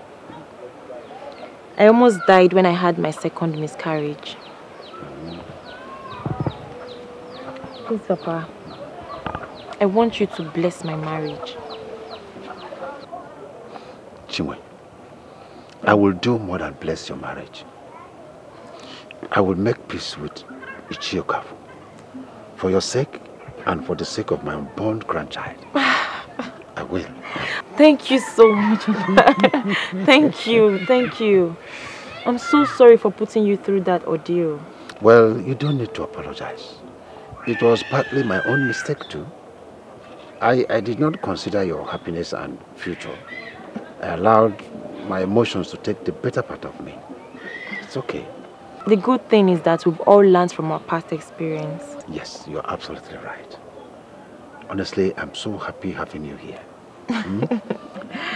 I almost died when I had my second miscarriage. Please, Papa. I want you to bless my marriage. Chinwe. I will do more than bless your marriage. I will make peace with Ichiokafu for your sake and for the sake of my unborn grandchild. I will. Thank you so much. thank you, thank you. I'm so sorry for putting you through that ordeal. Well, you don't need to apologize. It was partly my own mistake too. I, I did not consider your happiness and future. I allowed my emotions to take the better part of me. It's okay. The good thing is that we've all learned from our past experience. Yes, you're absolutely right. Honestly, I'm so happy having you here. Hmm?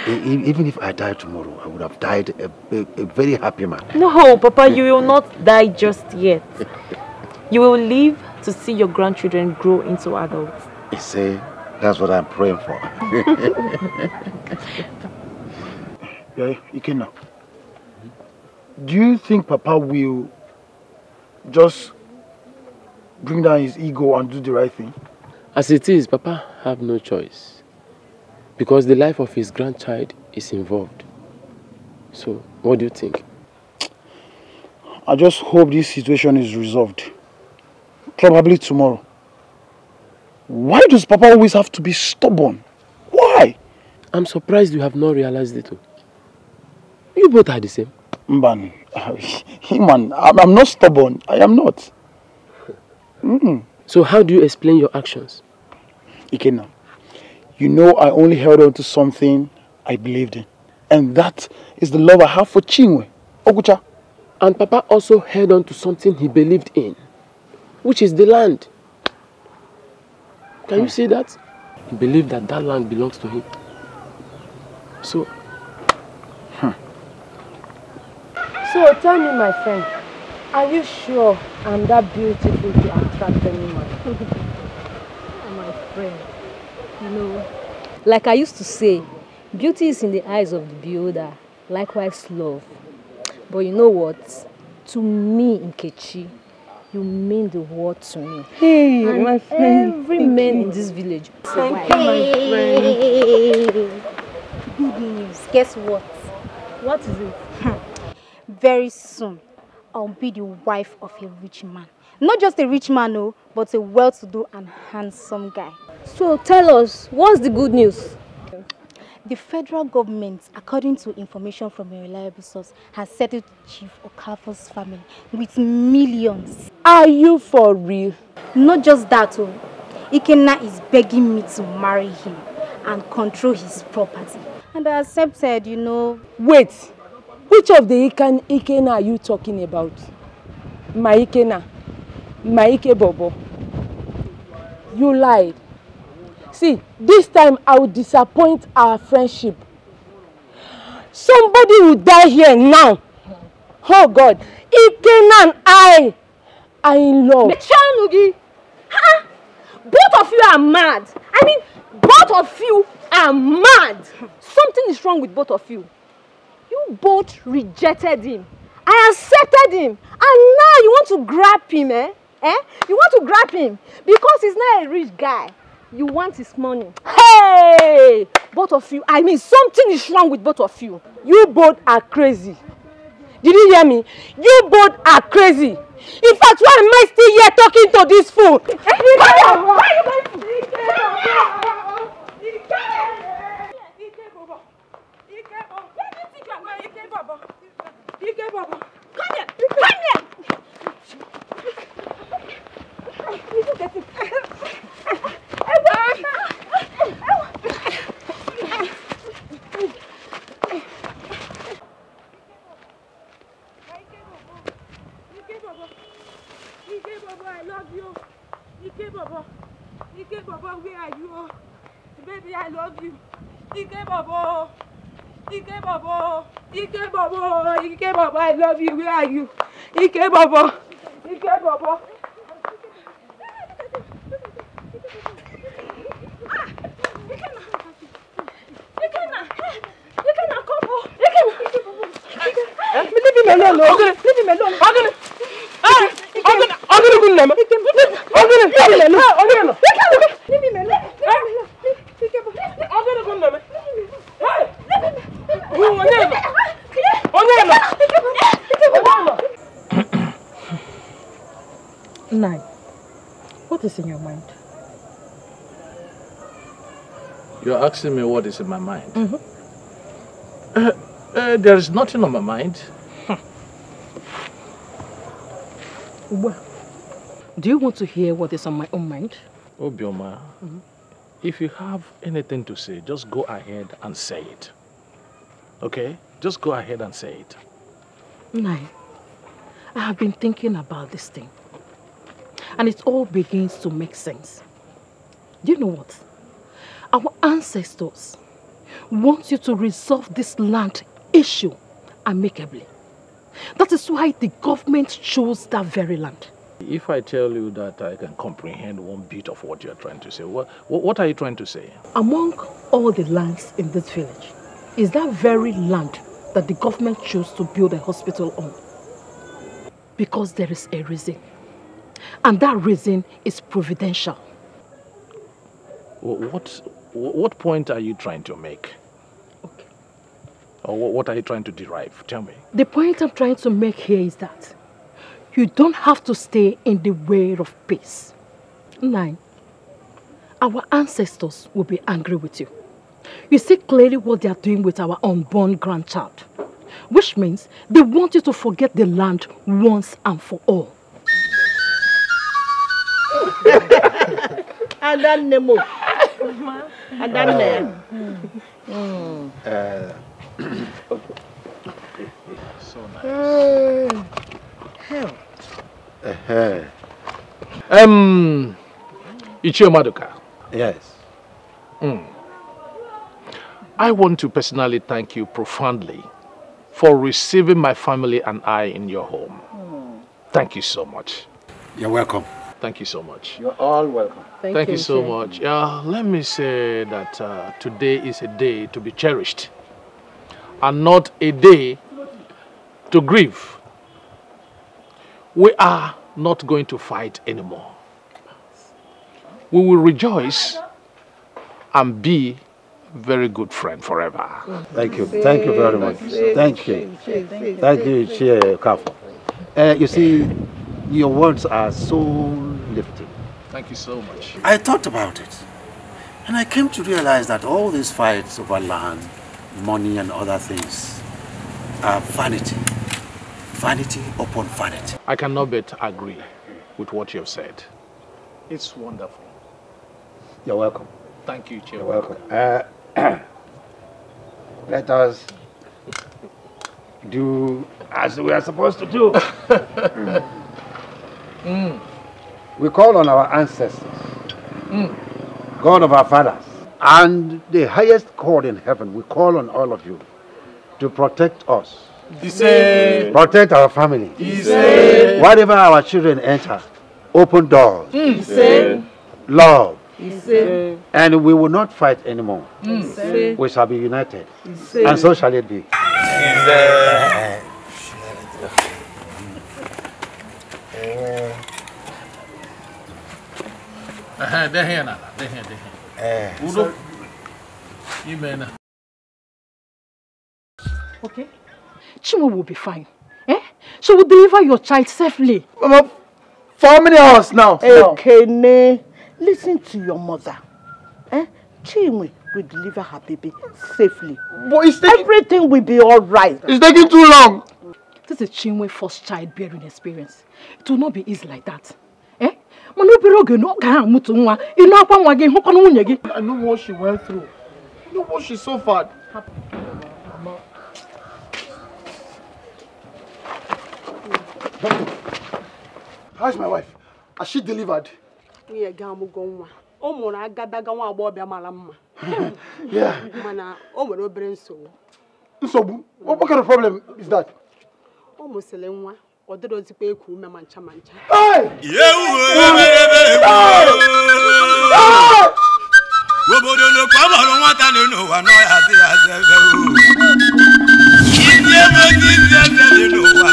Even if I die tomorrow, I would have died a, a, a very happy man. No, Papa, you will not die just yet. You will live to see your grandchildren grow into adults. You see, that's what I'm praying for. Yeah, now. Do you think Papa will just bring down his ego and do the right thing? As it is, Papa have no choice. Because the life of his grandchild is involved. So, what do you think? I just hope this situation is resolved. Probably tomorrow. Why does Papa always have to be stubborn? Why? I'm surprised you have not realized it. All. You both are the same. Man, man, I'm not stubborn. I am not. Mm -mm. So how do you explain your actions? Ikena, you know I only held on to something I believed in. And that is the love I have for Chingwe, Ogucha. And Papa also held on to something he believed in, which is the land. Can you hmm. see that? He believed that that land belongs to him. So So tell me, my friend, are you sure I'm that beautiful to attract anyone? oh, my friend, you know, like I used to say, beauty is in the eyes of the beholder, likewise love. But you know what? To me, Nkechi, you mean the world to me. Hey, and my friend. Every Thank man you. in this village. Thank you, my friend. Good news. Guess what? What is it? very soon I'll be the wife of a rich man. Not just a rich man, no, oh, but a well-to-do and handsome guy. So tell us, what's the good news? The federal government, according to information from a reliable source, has settled Chief Okafor's family with millions. Are you for real? Not just that, oh. Ikenna is begging me to marry him and control his property. And I accepted, you know. Wait! Which of the Ikan, Ikena are you talking about? My Ikena, my Ike Bobo. You lied. See, this time I will disappoint our friendship. Somebody will die here now. Oh God, Ikena and I are in love. Mechanugi, huh? Both of you are mad. I mean, both of you are mad. Something is wrong with both of you. You both rejected him. I accepted him. And now you want to grab him, eh? Eh? You want to grab him because he's not a rich guy. You want his money. Hey! Both of you, I mean, something is wrong with both of you. You both are crazy. Did you hear me? You both are crazy. In fact, why am I still here talking to this fool? Eh? Why are you going to? baba. Ike baba. Come here. Come here. Ike baba, where are you? Baby, I love you. Ike baba. Ike Bobo, Ike Bobo, Ike Bobo, I love you. Where are you? Ike Bobo, Ike Bobo. Leave him alone, Ogre. Leave him alone, Ogre. Ogre, Ogre, good name. Ogre, leave him alone, Ogre. Leave him alone. Ogre, good name. what is in your mind? You're asking me what is in my mind? Mm -hmm. uh, uh, there is nothing on my mind. Hmm. Well, do you want to hear what is on my own mind? Obioma, mm -hmm. if you have anything to say, just go ahead and say it. Okay? Just go ahead and say it. Nai, I have been thinking about this thing. And it all begins to make sense. Do you know what? Our ancestors want you to resolve this land issue amicably. That is why the government chose that very land. If I tell you that I can comprehend one bit of what you're trying to say, what, what are you trying to say? Among all the lands in this village, is that very land that the government chose to build a hospital on. Because there is a reason. And that reason is providential. What, what point are you trying to make? Okay. Or what are you trying to derive? Tell me. The point I'm trying to make here is that you don't have to stay in the way of peace. Nine, our ancestors will be angry with you. You see clearly what they are doing with our unborn grandchild. Which means they want you to forget the land once and for all. And then, Adanne mo. Adanne. So nice. Hell. Uh -huh. Eh. Um, ehm, Ichio Madoka. Yes. Mm. I want to personally thank you profoundly for receiving my family and I in your home. Thank you so much. You're welcome. Thank you so much. You're all welcome. Thank, thank you, you, so much. Uh, let me say that uh, today is a day to be cherished and not a day to grieve. We are not going to fight anymore. We will rejoice and be very good friend forever. Thank you. Thank you very much. Thank you. Thank you, Chair Kafo. Uh, you see, your words are so lifting. Thank you so much. I thought about it. And I came to realize that all these fights over land, money and other things are vanity. Vanity upon vanity. I cannot but agree with what you have said. It's wonderful. You're welcome. Thank you, Chair. You're welcome. Uh, Let us do as we are supposed to do. mm. We call on our ancestors, mm. God of our fathers, and the highest court in heaven. We call on all of you to protect us. Protect our family. Dise. Whatever our children enter, open doors. Mm. Love. And we will not fight anymore. Hmm. We shall be united. And so shall it be. Okay. Chimo will be fine. Eh? She will deliver your child safely. Mama, for how many hours now? Okay, ne. Listen to your mother. Eh? Chimwe will deliver her baby safely. But it's taking... Everything will be all right. It's taking too long. This is Chinwe's first childbearing experience. It will not be easy like that. Eh? mana obere oge na ọ ga-amụtụ nwa ịnụ akwa nwa gị hụkwa nwunye gị I know what she went through. I know what she suffered. How's my wife? Has she delivered? nwunye gaa amụgo nwa ọ mụrụ agadaga nwa agbọghọbịa mara mma mana o nwere obere nsogbu nsogbu what kind of problem is that ọ mụsịrị nwa ọ dịrozikwa eku ume ncha ma ncha obodo nwata na n'ụwa n'ọhịa ebe eze dị n'ụwa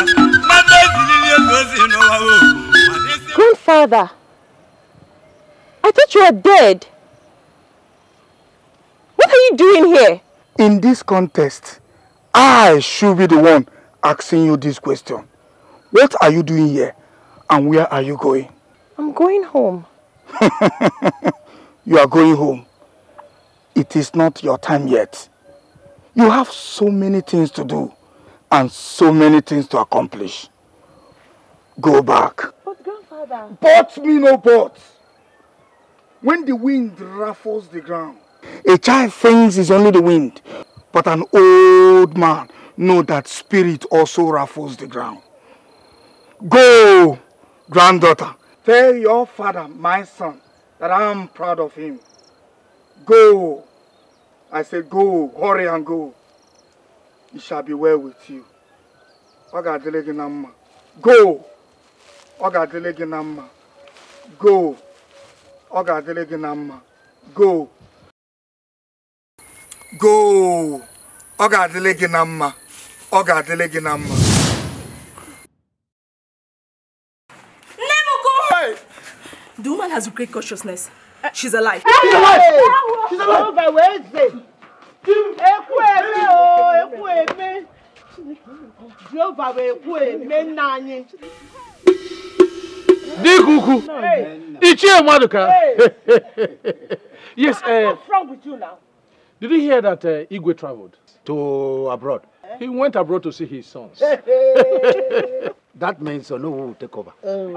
n'ụwa o I thought you were dead. What are you doing here? In this contest, I should be the one asking you this question. What are you doing here and where are you going? I'm going home. you are going home. It is not your time yet. You have so many things to do and so many things to accomplish. Go back. But grandfather... But me no but. When the wind ruffles the ground, a child thinks it's only the wind, but an old man knows that spirit also ruffles the ground. Go, granddaughter. Tell your father, my son, that I am proud of him. Go. I said, go, hurry and go. It shall be well with you. Oga Go. Oga Go ọ ga-adịrị gị na mma go go ọ ga-adịrị gị na mma ọ ga-adịrị gị na mma go the woman has great consciousness eh, she's alive she's alive she's alive ekwu eme o ekwu eme jehova bụ ekwu eme nna anyị Dikuku. Hey. Ichie Maduka. Hey. yes. Uh, what's wrong with you now? Did you hear that uh, Igwe traveled? To abroad. Eh? He went abroad to see his sons. that means Onu will take over. Oh.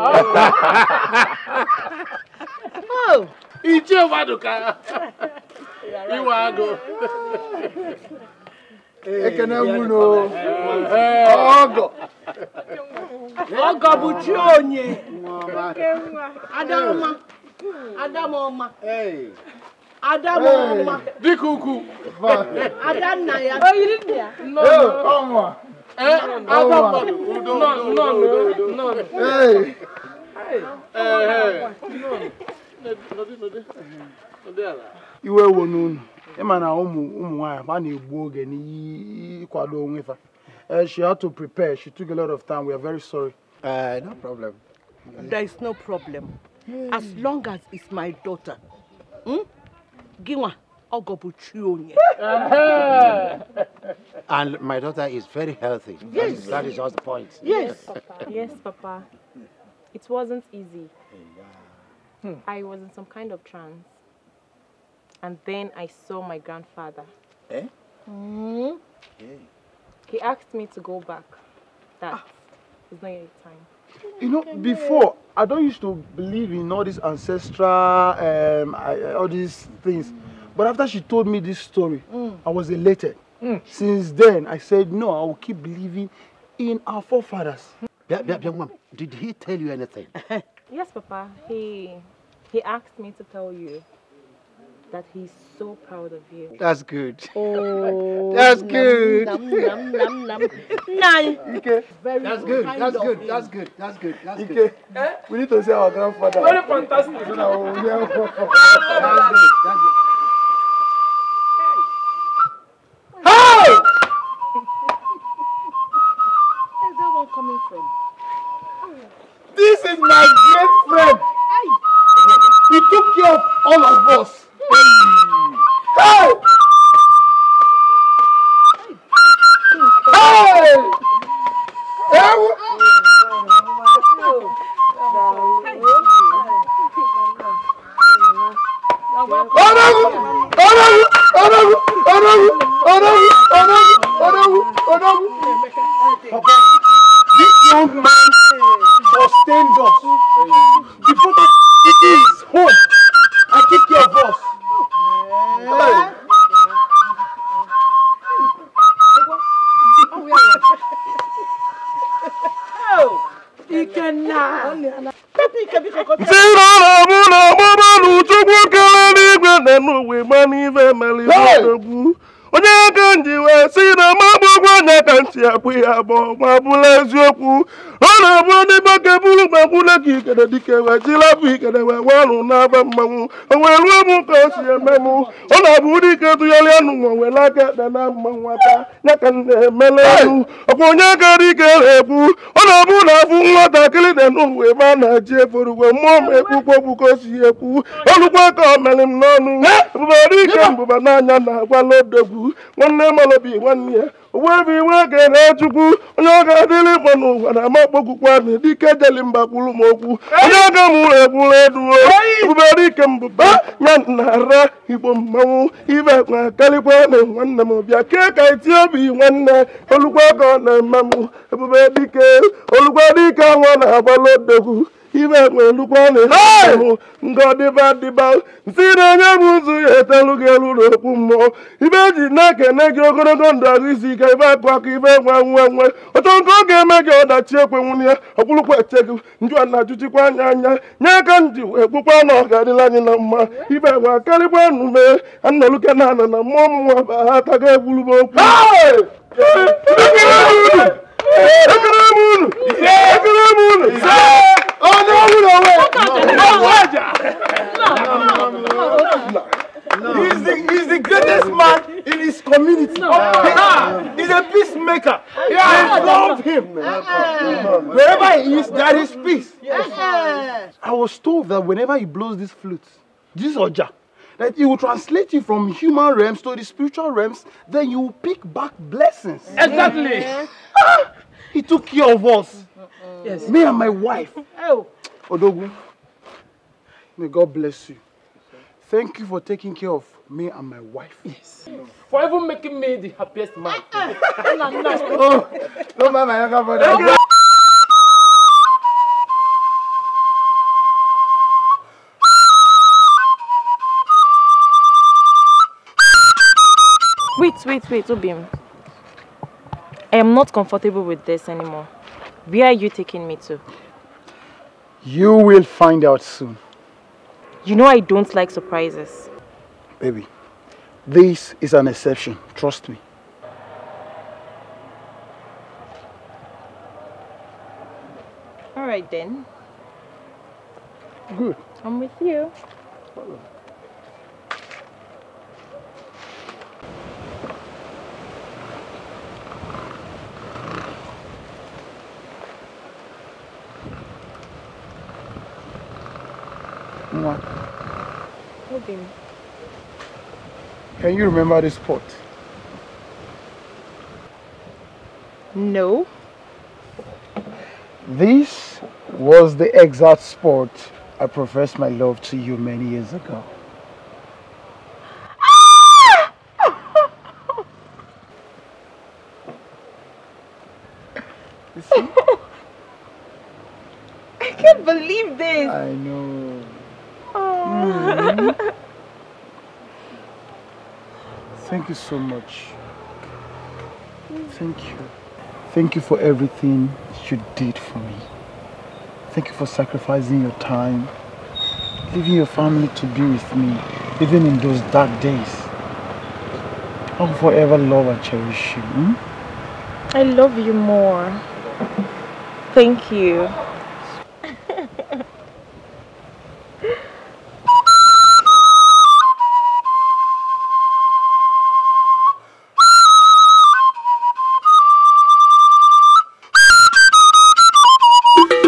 oh. Ichie Maduka. You are go ekene nwunu ọgọ ọgọ bụ chi onye adamọma adamọma adamọma dịka ukwu adanna ya oyiri nna ya ọnwa agọpọ nọ nọ nọ iwe ewo n'unu ịma na ụmụ ụmụ nwaanyị a na-egbu oge n'ịkwado onwe fa eh, she had to prepare she took a lot of time we are very sorry. Uh, no problem. there is no problem as long as it's my daughter hmm? ọgọbụ chi onye. Eh, and my daughter is very healthy. yes that is just the point. yes yes papa it wasn't easy. I was in some kind of trance. And then I saw my grandfather. Eh? Mm. Yeah. He asked me to go back. That ah. it's not your time. You know, before I don't used to believe in all these ancestral, um, I, all these things. Mm. But after she told me this story, mm. I was elated. Mm. Since then, I said, no, I will keep believing in our forefathers. Did he tell you anything? yes, Papa. He he asked me to tell you that he's so proud of you. That's good. Oh, that's num, good. Num, num, num, num. Nine. Okay. Very that's good. that's, good. that's good. That's good. That's okay. good. That's good. Eh? We need to see our grandfather. Very fantastic. that's good. That's good. na na na n'igwe na ịgba onye ndị wee sị na ma bụ ụgwọ anya ka ntị abụ ya abụọ ma bụla eziokwu ọ na-abụ ndị gbake bụrụ ma bụla ka ikere dike wee jilapụ ikere wee wee ọrụ na-aba mmanwụ o wee ruo m ka o si eme m ọ na-abụ ụdị ike ma ekpe na ya ka na-emele elu bụ onye karị ike na-ekwu ọ na-abụ na afụ nwatakịrị dị n'ụwa ebe a na-eji eforugwo mmụọ ma ekwukwo si ka o mere m n'ọnụ ike mbụba na agwa nne malobi nwanne ya webe iwe kere chukwu onye ọ ga-adịrị ịkpọ n'ụwa na ama kpọkwukwanị dike jeli mba kwuru m okwu onye ọga ga-amụrụ egburu eduo ebube dike mbụba ya nara igbo mmanwụ ibe na karịkwa na nwanne m bịa kee ka itie obi nwanne olukwa ka ọ na-eme m ebube dike olukwa dike anwụ na-agbalụ odogwu ime kpelukwana ngọdịbadịba nsị na-enye m ụzọ ya etelu gị elu n'okwu mmụọ ibe eji na-ekene gị ogologo ndụ ahụ isi ike ibe akụ aka ibe nwe nwe nwe ọtọ nke ọ ga-eme gị ọdachi ekwenwunye ọkpụrụkwa eche gị njụ na ajụchikwa anya anya nye aka nji ekpukwa na ọ adịla anyị na mma ibe gwa karịkwa nnume anọluke na anọ na mmụọ mmụọ ba ha taga egburugbo okwu ekele m unu ekele m unu ọ̀nà wúlò wẹ̀ ọ̀wọ́ No, He is the he is the greatest man in his community. No. He is a peacemaker. Yeah. They love him. Uh-uh. Wherever he is, there is peace. Yes. Uh-uh. I was told that whenever he blows this flute, this oja, that he will translate you from human realms to the spiritual realms, then you will pick back blessings. Exactly. Ah, he took care of us. Yes. Me and my wife. Oh. Odogun. May God bless you. Thank you for taking care of me and my wife. Yes. For even making me the happiest man. Uh-uh. oh, don't mind my younger brother. Wait, wait, wait, Obim. I am not comfortable with this anymore. Where are you taking me to? You will find out soon. You know I don't like surprises. Baby, this is an exception. Trust me. All right then. Good. I'm with you. Can you remember this spot? No. This was the exact spot I professed my love to you many years ago. Thank you so much. Thank you. Thank you for everything you did for me. Thank you for sacrificing your time, leaving your family to be with me, even in those dark days. I'll forever love and cherish you. Hmm? I love you more. Thank you.